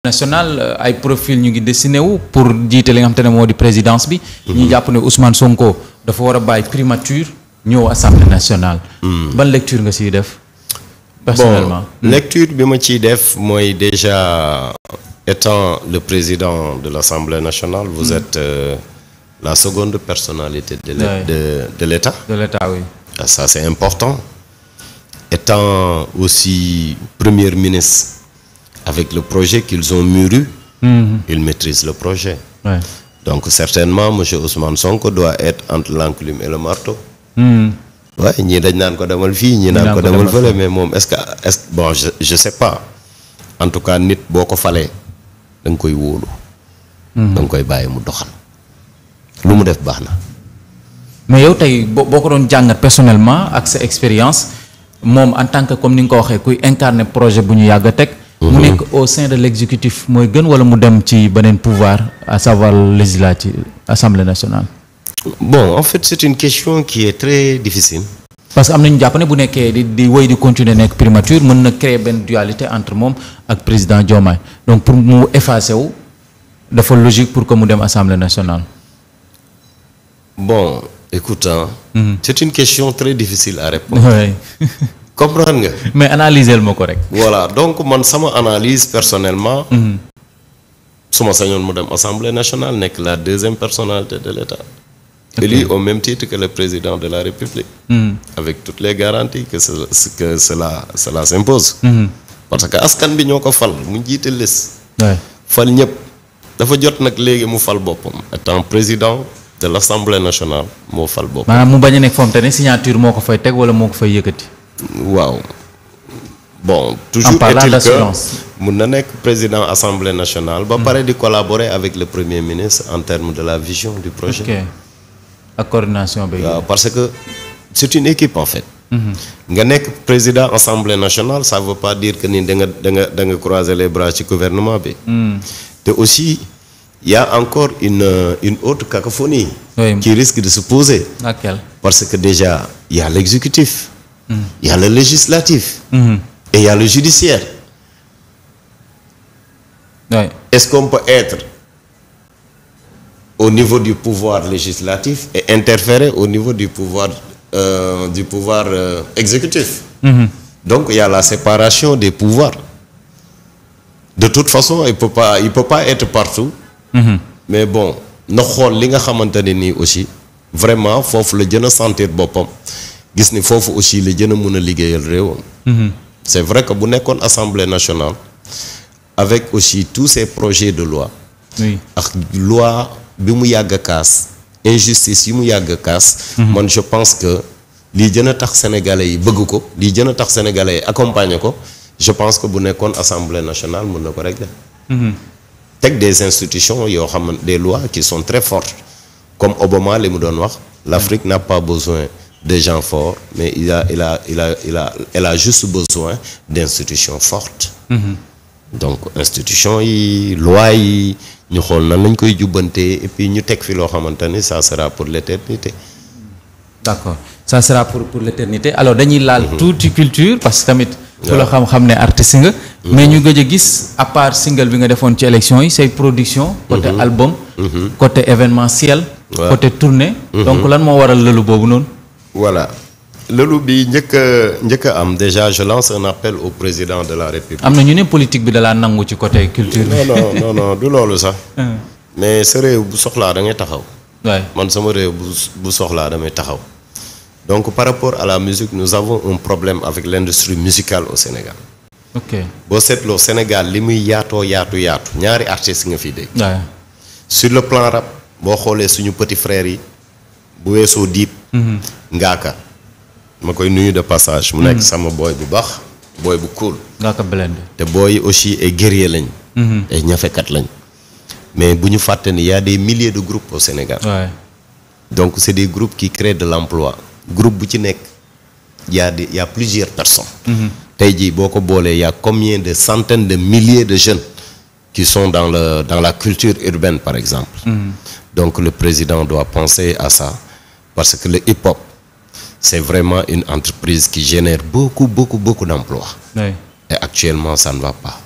national euh, ay profil ñu ngi dessiné wu pour jiite li nga xam te ne moo di présidence bi ñu jàpp ne Ousmane Sonko dafa war a bàyyi primature ñëw assemblée nationale hmm. ban lecture nga ciy def personnellement lecture bi ma ciy def mooy déjà étant le président de l'assemblée nationale vous hmm. êtes euh, la seconde personnalité de de de l'état de l'état oui ça c'est important étant aussi première ministre avec le projet qu'ils ont mûri, mmh. ils le projet. Donc certainement, M. Ousmane Sonko doit être entre l'enclume et le marteau. Mmh. ñii dañ naan ko demal fii ñii naan ko demal fële mais moom est-ce que est-ce pas en tout cas nit boo ko falee da koy wóolu. Mhm. da koy bàyyi mu doxal lu mu def baax na. mais yow tey boo boo ko doon jàngat personnellement ak sa expérience moom en tant que comme ni nga ko waxee kuy incarner projet bu ñu yàgg a teg. mu mhm. nekk au sein de l' exécutif mooy gën wala mu dem ci beneen pouvoir à saval législative assemblée nationale. bon en fait c' est une question qui est très difficile. parce que am nañu jàpp ne bu nekkee di di wéy di continuer nekk primature mën na créer benn dualité entre moom ak président Diomaye donc pour mu effacer wu dafa logique pour que mu dem assemblée nationale. bon écoute hein, mhm. est une question très difficile à répondre. comprendre nga. mais analyser ma ko rek. voilà donc man sama analyse personnellement. Mhm. su ma sañoon mu dem assemblée nationale nekk la deuxième personnalité de l' état. au même titre que le président de la république. Mm. avec toutes les garanties que ce que cela cela mhm. parce que askan bi ñoo ko fal mu jiite les. fal ñëpp. dafa jot nag léegi mu fal boppam. étant président. de l' assemblée nationale moo fal bopp. maanaam mu bañ a nekk foom te ne signature moo ko fay teg wala moo ko fay yëkkati. waaw bon toujours en parlant est-il mun na nekk président assemblée nationale ba pare di collaborer avec le premier ministre en termes de la vision du projet ok ak coordination bi parce que c'est une équipe en fait mhm. nga nekk président assemblée nationale ça veut pas dire que ni da nga da da nga croiser les bras ci gouvernement bi mhm. te aussi y a encore une une autre cacophonie qui risque de se poser parce que déjà y a l'exécutif il y a le législatif. Mhm. et yàlla y a le judiciaire. Oui. Est-ce qu'on peut être au niveau du pouvoir législatif et interférer au niveau du pouvoir euh, du pouvoir euh, exécutif. Mhm. Donc yàlla y a séparation des pouvoirs. De toute façon, il peut pas il peut pas être partout. Mhm. Mais bon, na xool li nga xamante ne nii aussi vraiment foofu la gën a sentir boppam. gis ni foofu aussi la jën a mun a liggéeyal réewam. Mhm. c'est vrai que bu nekkoon assemblée nationale avec aussi tous ces projets de loi. ak loi bi mu yàgg a kaas injustice yi mu yàgg a kaas. Mhm. man je pense que lii jën a tax sénégalais yi bëgg ko lii jën a tax sénégalais yi accompagner ko je pense que bu nekkoon assemblée nationale mën na ko régler. Mhm. teg des institutions yoo xam des loi qui sont très fortes comme Obama li mu doon wax. l'Afrique n'a pas besoin. de gens forts, mais il a, il a, il a, il a, elle a juste besoin d'institutions fortes. Mhm. donc institution yi loi yi ñu xool nan lañ koy jubbantee et ñu teg fi loo xamante ni ça sera pour l'éternité. d'accord ça sera pour pour l'éternité alors dañuy laal mhm. tuuti culture parce que tamit. ku la xam-xam ne artiste nga. Mhm. mais ñu gëj a gis à part single bi nga defoon ci élection yi say production. côté album. côté événementiel. côté tournée. donc lan moo waral lëlu boobu noonu. voilà lëlu bi njëkk a njëkk am déjà je lance un appel au président de la république. am na ñu ne politique bi dalaa laa nangu ci côté culture bi. non non non du loolu sax. mais sa réew bu soxlaa da ngay taxaw. man sama réew bu bu soxlaa damay taxaw. donc par rapport à la musique nous avons un problème avec l'industrie musicale au Sénégal. boo seetloo Sénégal li muy yaatoo yaatu yaatu ñaari artistes nga fiy dégg. sur le plan rap boo xoolee suñu petit frère yi bu weesoo Dip Mm-hmm. ngaaka ma koy nuyu de passage mu nekk mm-hmm. sama booy bu baax booy bu cool ngaaka blend te booy aussi ay guerrier lañ ay mm-hmm. ñafekat lañ mais bu ñu fàtte ni y a des milliers de groupes au Sénégal ouais. donc c'est des groupes qui créent de l'emploi groupe bu ci nekk y a des y a plusieurs personnes tey jii boo ko boolee y a combien de centaines de milliers de jeunes qui sont dans le dans la culture urbaine par exemple mm donc le président doit penser à ça Parce que le hip-hop, c'est vraiment une entreprise qui génère beaucoup, beaucoup, beaucoup d'emplois. Oui. Et actuellement, san ne va pas.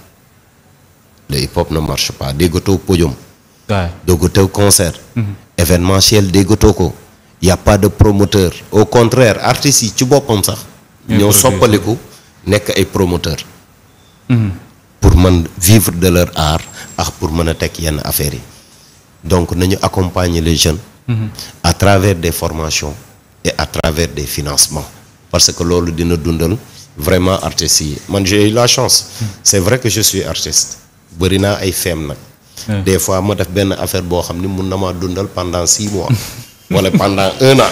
Le hip-hop ne marche pas. Dégoto podium, ouais. dégoto concert, mm -hmm. événementiel dégoto ko. Il n'y de promoteur. Au contraire, artistes yi ci boppam sax. ñoo soppaliku nekk ay promoteurs. Mhm. pour mën vivre de leur art ak pour mën a tekk yenn affaires yi. donc nañu accompagner les jeunes. à travers des formations et à travers des financement parce que loolu dina dundal vraiment artistes yi man j'ai eu la chance c'est vrai que je suis artiste bëri naa ay feem nag des fois ma def benn affaire boo xam ni mun na maa dundal pendant six mois wala pendant un an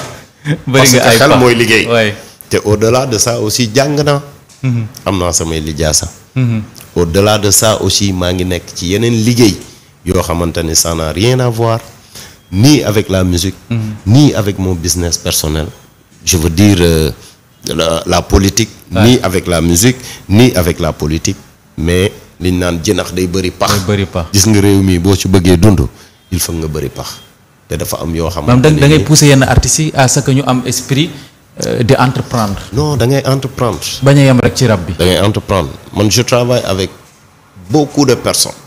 parce que xel mooy liggéey te au-delà de sa aussi jàng naa mm-hmm. am naa samay lijaasa mm-hmm. au-delà de ça aussi maa ngi nekk ci yeneen liggéey yoo xamante ni ça n'a rien à voir ni avec la musique, mm avec mon business personnel. Je veux dire euh, la, politique, ouais. ni avec la musique, nii avec la politique. Mais liñ naan jënax day bëri pax. bëri pax gis nga réew mii boo ci bëggee dund il faut nga bëri pax te dafa am yoo xam. maanaam da ngay pousser yenn artistes yi à ce que ñu am esprit euh, di entreprendre. non da ngay entreprendre. bañ yam rek ci rab bi. da ngay entreprendre man je travaille avec beaucoup de personnes.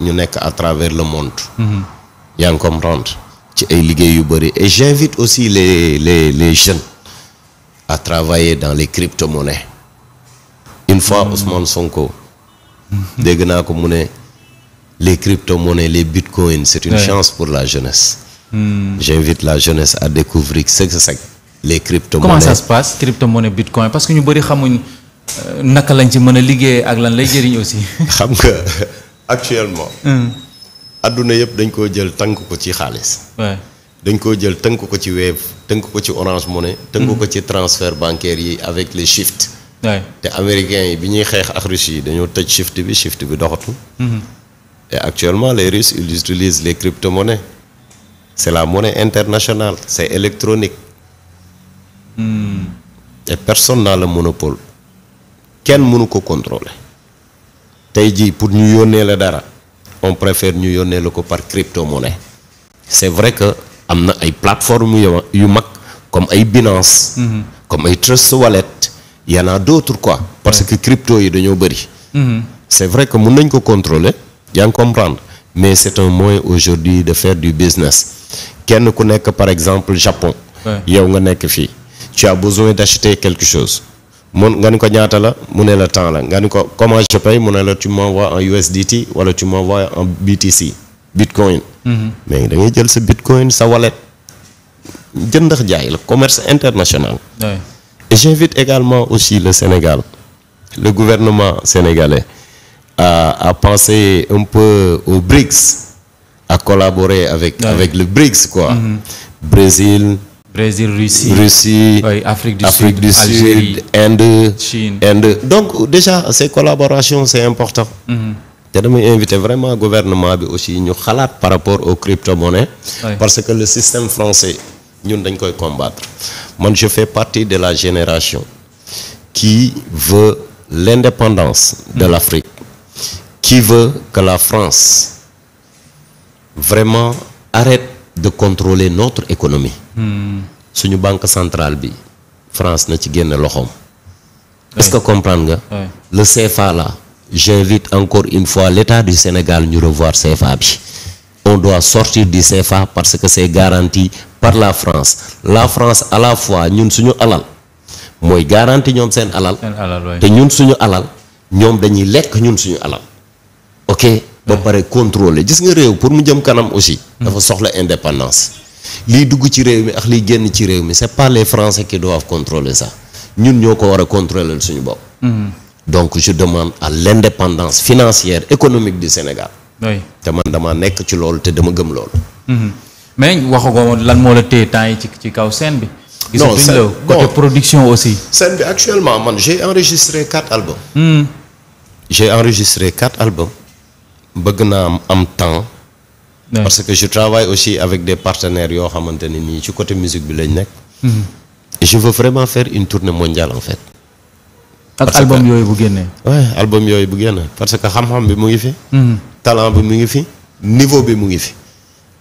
ñu nekk à travers le monde. Mm-hmm. yaa ngi comprendre ci ay liggéey yu bëri et j'invite aussi les les les jeunes à travailler dans les crypto-monnaies une fois Ousmane Sonko dégg naa ko mu ne les crypto-monnaies les bitcoins c'est une ouais. chance pour la jeunesse mm. j'invite la jeunesse à découvrir ce que c'est les crypto-monnaies comment ça se passe bitcoin parce que ñu bëri xamuñ euh, naka lañ ci mën a liggéey ak lan lay jëriñ aussi xam nga actuellement hmm. àdduna yëpp dañ koo jël tënk ko ci xaalis. dañ koo jël tënk ko ci Wave tënk ko ci Orange Money. tënk ko mhm. ci transfert bancaire yi avec les shifts. te américains yi bi ñuy xeex ak Russes yi dañoo tëj shift bi shift bi doxatu. Mhm. actuellement les Russes ils utilisent les crypto-monnaies c'est la monnaie internationale c'est électronique. Mm. et personne n'a monopole. kenn mënu ko contrôler. tey jii pour ñu yónnee la dara. on préfère ñu yónnee la ko par crypto monnaie c' est vrai que am na ay plateformes yu yu mag comme ay Binance. Mhm. comme ay Trust Wallet y en a d' quoi. parce que crypto yi dañoo bëri. Mhm. c' est vrai que mun nañ ko contrôler yaa ngi comprendre mais c' est un moyen aujourd'hui de faire du business kenn ku nekk par exemple Japon. yow nga nekk fii tu as besoin d' acheter quelque chose. mun nga ni ko ñaata la mu ne la temps la nga ni ko comment je paye mu ne la tu m'envoies en USDT wala tu m'envoies en BTC bitcoin. Mhm. mais da ngay jël sa bitcoin sa wallet jënd ak jaay la commerce international. Ouais. et également aussi le Sénégal le gouvernement sénégalais à à penser un peu au BRICS à collaborer avec le BRICS quoi. Mhm. Brésil, Russie, Russie oui, Afrique du, Afrique Sud, Donc déjà ces collaborations c'est important. Mm -hmm. te damay vraiment gouvernement bi aussi ñu xalaat par rapport au crypto parce que le système français ñun dañ koy combattre man je fais partie de la génération qui veut l'indépendance de mm -hmm. l'Afrique qui veut que la France vraiment arrête de contrôler notre économie. Hmm. suñu banque centrale bi France na ci génn loxoom. est-ce que comprendre nga. le la là j'invite encore une fois l'État du Sénégal ñu revoir CFA bi. on doit sortir du CFA parce que c'est garanti par la France la France à la fois ñun suñu alal mooy garanti ñoom seen alal. te ñun suñu alal ñoom dañuy lekk ñun suñu alal ba pare contrôler gis nga réew pour mu jëm kanam aussi. dafa soxla indépendance. liy dugg ci réew mi ak liy génn ci réew mi c'est pas les Français qui doivent contrôler ça ñun ñoo ko war a contrôler suñu bopp. Mhm. donc je demande à l'indépendance financière économique du Sénégal. oui te man damaa nekk ci loolu te dama gëm loolu. Mhm. mais waxagoo lan moo la téye temps yi ci ci kaw scène bi. non scène production aussi. scène bi actuellement man j'ai enregistré quatre albums. Mhm. j'ai enregistré quatre albums. bëgg naa am am temps. parce que je travaille aussi avec des partenaires yoo xamante ne nii ci côté musique bi lañ nekk. Mhm. je veux vraiment faire une tournée mondiale en fait. ak album yooyu bu génnee. album yooyu bu génne parce que xam-xam bi mu ngi fi. Mhm. talent bi mu ngi fi. niveau bi mu ngi fi.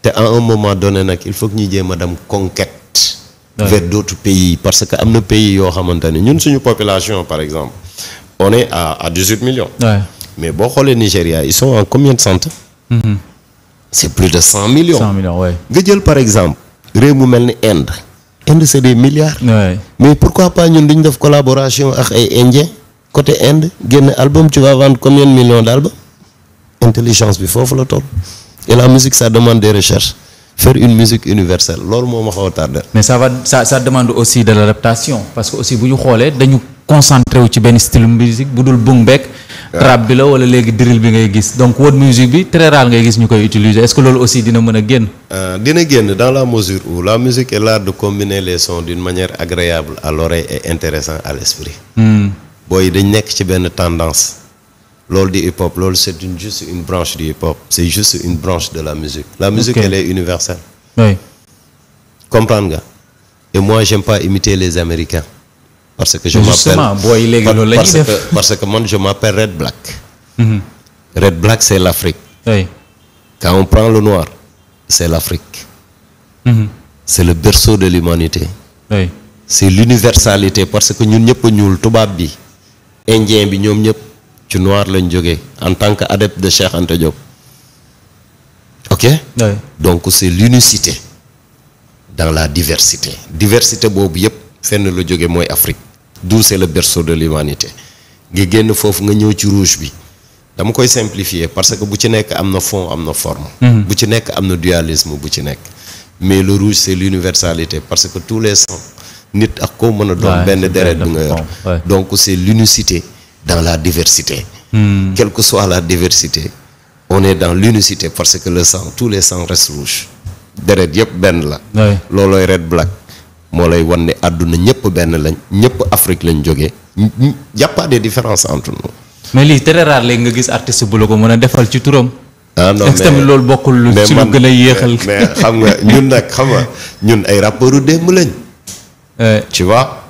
te à un moment donné nag il faut que ñuy jéem a dem conquête. vers d' autres pays parce que am na pays yoo xamante ne ñun suñu population par exemple on à à dix huit mais boo xoolee Nigéria ils sont en combien de centres. Mmh. c' est plus de cent millions. cent millions ouais. nga jël par exemple. réew mu mel ni Inde. Inde c' est milliards. mais pourquoi pas ñun duñ def collaboration ak ay Indiens côté Inde génn album tu vas vendre combien de millions intelligence bi foofu la toll. la musique ça demande des recherches. faire une musique universelle loolu moo a xaw a tardé. mais ça va ça ça demande aussi de l' adaptation parce que aussi bu ñu xoolee rap bi la wala léegi drill bi ngay gis donc world music bi très rare ngay gis ñu koy utiliser est-ce que loolu aussi dina mën a génn. Euh, dina génn dans la mesure où la musique est l'art de combiner les sons d'une manière agréable à l'oreille et intéressant à l'esprit. Hmm. booy dañ nekk ci benn tendance. loolu di hip hop loolu c'est une juste une branche du hip hop c'est une branche de la musique. la musique okay. elle est universelle. oui. comprendre nga. et mois j'aime pas imiter les Américains. parce que je m'appelle parce que parce que man je m'appelle Red Black. Mm -hmm. Red Black c'est l'Afrique. Oui. Quand on prend le noir, c'est l'Afrique. Mm-hmm. C'est le berceau de l'humanité. Oui. C'est l'universalité parce que ñun ñëpp ñuul tubaab bi indien bi ñoom ñëpp ci noir lañ jóge en tant que adept de Cheikh Anta Diop. ok oui. donc c'est l'unicité dans la diversité diversité boobu yëpp fenn lu jóge mooy Afrique d'où c'est le berceau de l'humanité nga génn foofu nga ñëw ci rouge bi dama koy simplifier parce que bu ci nekk am na fond am na forme hmm. bu ci nekk am na dualisme bu ci nekk mais le rouge c'est l'universalité parce que tous les sangs nit ak koo mën a doon benn deret bi nga yor donc c'est l'unicité dans la diversité mmh. quelle que soit la diversité on est dans l'unicité parce que le sang tous les sangs restent rouges deret yëpp benn la loolooy red black moo lay wan ne àdduna ñëpp benn lañ ñëpp Afrique lañ jógee jàppaa des différences entre mais lii très rare léegi nga gis artiste bu la ko mën a defal ci turam. ah tamit loolu bokkul lu ci lu gën a yéexal. mais xam nga ñun nag xam nga ñun ay rappeurs yu démb lañ. Euh. tu vois.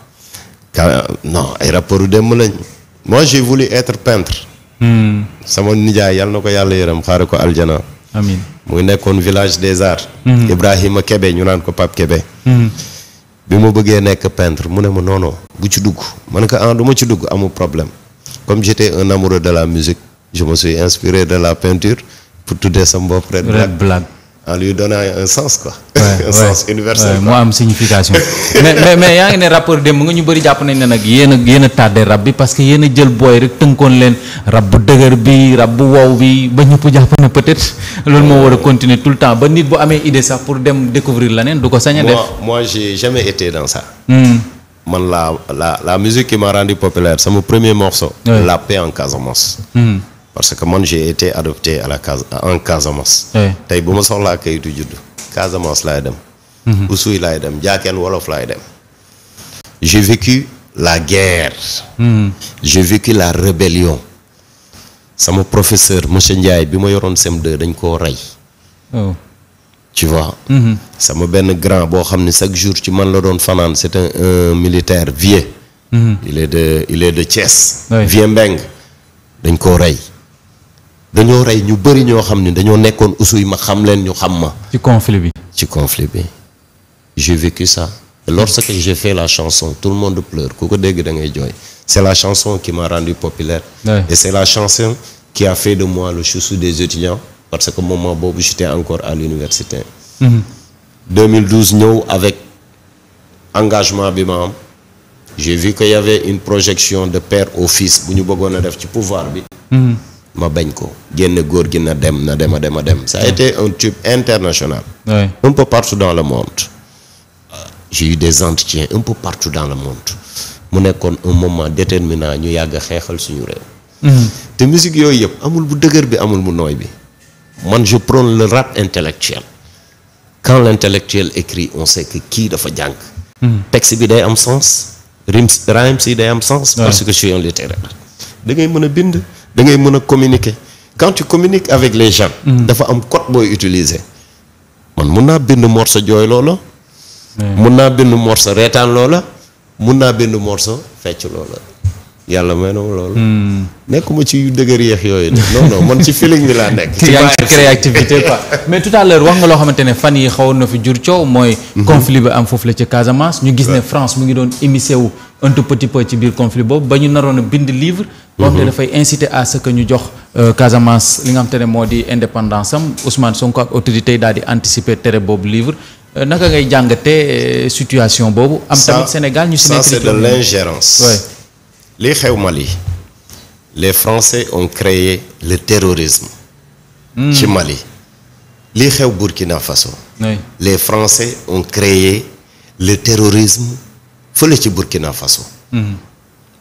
Quand, non ay rappeurs yu démb lañ. Hmm. sama nijaay yal na ko yàlla yërëm xaare ko aljana. amiin mu nekkoon village des arts. Hmm. Ibrahima Kébé ñu naan ko Pape Kébé. Hmm. bi ma bëggee nekk peintre mu ne ma noonoo bu ci dugg ma ne ko ah, duma ci dugg amul problème comme j'étais un amoureux de la musique je me suis inspiré de la peinture pour tuddee sam bopp Red Black en lui donnant un sens quoi. un sens universel ouais, moo am signification. mais mais mais yaa ngi ne rappeur démb nga ñu bëri jàpp nañ ne nag yéen a yéen rab bi parce que yéen jël booy rek tënkoon leen rab bu dëgër bi rab bu wow bi ba ñëpp jàpp na peut-être loolu moo war a continuer tout le temps ba nit bu amee idée sax pour dem découvrir la neen du ko sañ a def. moi jamais été dans hmm. man la la la musique qui m'a rendu populaire sama premier morceau. la paix en Casamance. Hmm. parce que man j'ai été adopté à la case en Casamance. tey bu ma soxlaa kayitu juddu Casamance laay dem. Mhm. Oussouye laay dem Diakène Wolof laay dem. j'ai vécu la guerre. Mmh. j'ai la rébellion. sama professeur monsieur Ndiaye bi ma yoroon CM2 dañ koo rey. ci oh. vois. Mhm. sama benn grand boo xam ne chaque jour ci man la doon fanaan c'est un, un militaire vieux. Mmh. il est de il est de Thiès. Oui. Mbeng dañ koo rey. dañoo rey ñu bëri ñoo xam ni dañoo nekkoon usuy ma xam leen ñu xam ma. ci conflit bi. ci conflit bi j'ai vécu ça et lorsque j'ai fait la chanson tout le monde pleure ku ko dégg da ngay jooy c'est la chanson qui m'a rendu populaire. Ouais. et c'est la chanson qui a fait de moi le chouchou des étudiants parce que moment boobu j'étais encore à l'université. Mmh. 2012 ñëw avec engagement bi ma am. j'ai vu que y une projection de père au fils bu ñu bëggoon a def ci pouvoir bi. Mm-hmm. ma bañ ko génne góor gi na dem na dem a dem a dem ça a été un tube international ouais. un peu partout dans le monde euh, j'ai eu des entretiens un peu partout dans le monde mu nekkoon un moment déterminant ñu yàgg xeexal suñu réew mm-hmm. te musique yooyu yëpp amul bu dëgër bi amul bu nooy bi man je prône le rap intellectuel quand l'intellectuel écrit on sait kii dafa jàng mm-hmm. texte bi day am sens rimes rimes yi day am sens parce que je suis littéraire da ngay mën a bind da ngay mën a communiquer quand communique avec les gens. Mm. dafa am code booy utiliser. man mun naa benn morso jooy loola. mun naa benn morso reetaan loola mun naa benn morso fecc loola. yàlla may na ma loolu. Hmm. nekkuma ci dëgër yeex yooyu de non non man ci feeling bi laa nekk. ci créativité quoi mais tout à l'heure wax nga loo xamante ne fan yi xawoon na fi jur coow mooy. Mhm. conflit bi am foofu la ci Casamance. ñu gis ne France mu ngi doon émissé wu un tout ci biir conflit boobu ba ñu naroon a bind livre. boo xam ne mhm. dafay inciter à ce ñu jox euh, Casamance li nga te ne moo di indépendance am Ousmane Sonko ak autorité yi daal di anticiper tere boobu livre. Euh, naka ngay jàngatee euh, situation boobu. am tamit Sénégal ñu si nekk. li xew Mali les Français ont créé le terrorisme. Hmm. ci Mali. lii xew Burkina Faso. les Français ont créé le terrorisme fële ci Burkina Faso. Mmh.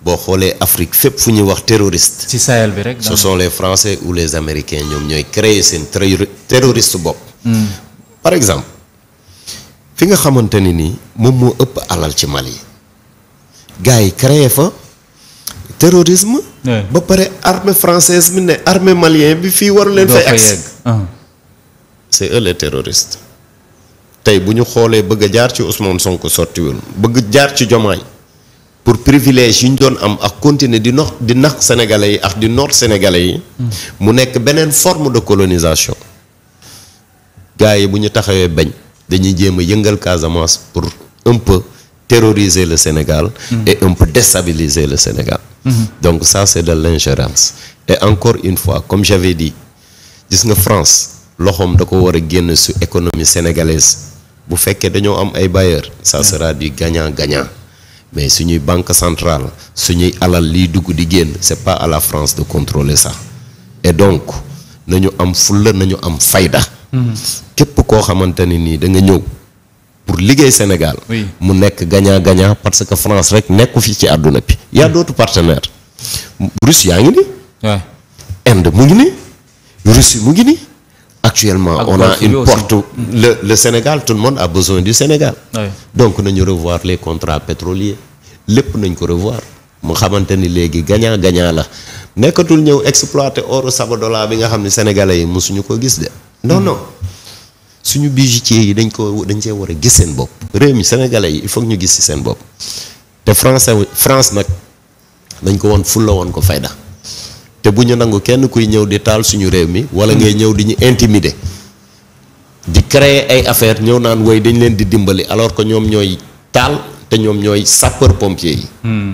boo xoolee Afrique fépp fu ñuy wax terroriste. ci Sahel bi rek. ce les Français ou les Américains ñoom ñooy créer seen terroriste bopp. Mmh. par exemple fi nga xamante ni nii moom moo ëpp alal ci Mali. gars yi fa. terrorisme. ba pare armée française bi ne armée malien bi fii waru leen. fay agsi ah. c' est eux les terroristes. tey bu ñu xoolee bëgg jaar ci Ousmane sonk sottiwul bëgg jaar ci Jomaay pour privilège yu ñu doon am ak continuer di nox di nax sénégalais yi ak di noot sénégalais yi. Hmm. mu nekk beneen forme de colonisation. gars yi bu ñu taxawee bañ dañuy jéem a yëngal Casamance pour un peu le Sénégal. Hmm. et un peu le Sénégal. Mmh. donc ça c'est de l'ingérence et encore une fois comme j'avais dit gis nga France loxoom da ko war a génn su économie sénégalaise bu fekkee dañoo am ay bailleurs ça sera du gagnant-gagnant mais suñuy banque centrale suñuy alal liy dugg di génn c'est pas à la France de contrôler sax et donc nañu am fulla nañu am fayda mhm. képp koo xamante nii da ñëw pour liggéey Sénégal. mu nekk gañaa gagnant parce que France rek nekku fi ci àdduna bi. y a hmm. d'autres partenaires. yaa ngi nii. Inde mu ngi nii. Russie mu ngi nii. actuellement on a une le le Sénégal tout le monde besoin du Sénégal. donc nañu revoir les contrats pétroliers lépp nañ ko revoir. mu xamante ni léegi gagnant gagnant la nekkatul ñëw exploiter oru Sabodala bi nga xam ne sénégalais yi mosuñu ko gis de. non hmm. non. suñu bijoutier yi dañ ko dañ cee war a gis seen bopp réew mi sénégalais yi il faut ñu gis ci seen bopp te France France nag dañ ko woon fulla woon ko fayda te bu ñu nangu kenn kuy ñëw di taal suñu réew mi wala ngay ñëw di ñu intimider di créer ay affaires ñëw naan woy dañ leen di dimbali alors que ñoom ñooy taal te ñoom ñooy sapeur pompier yi hmm.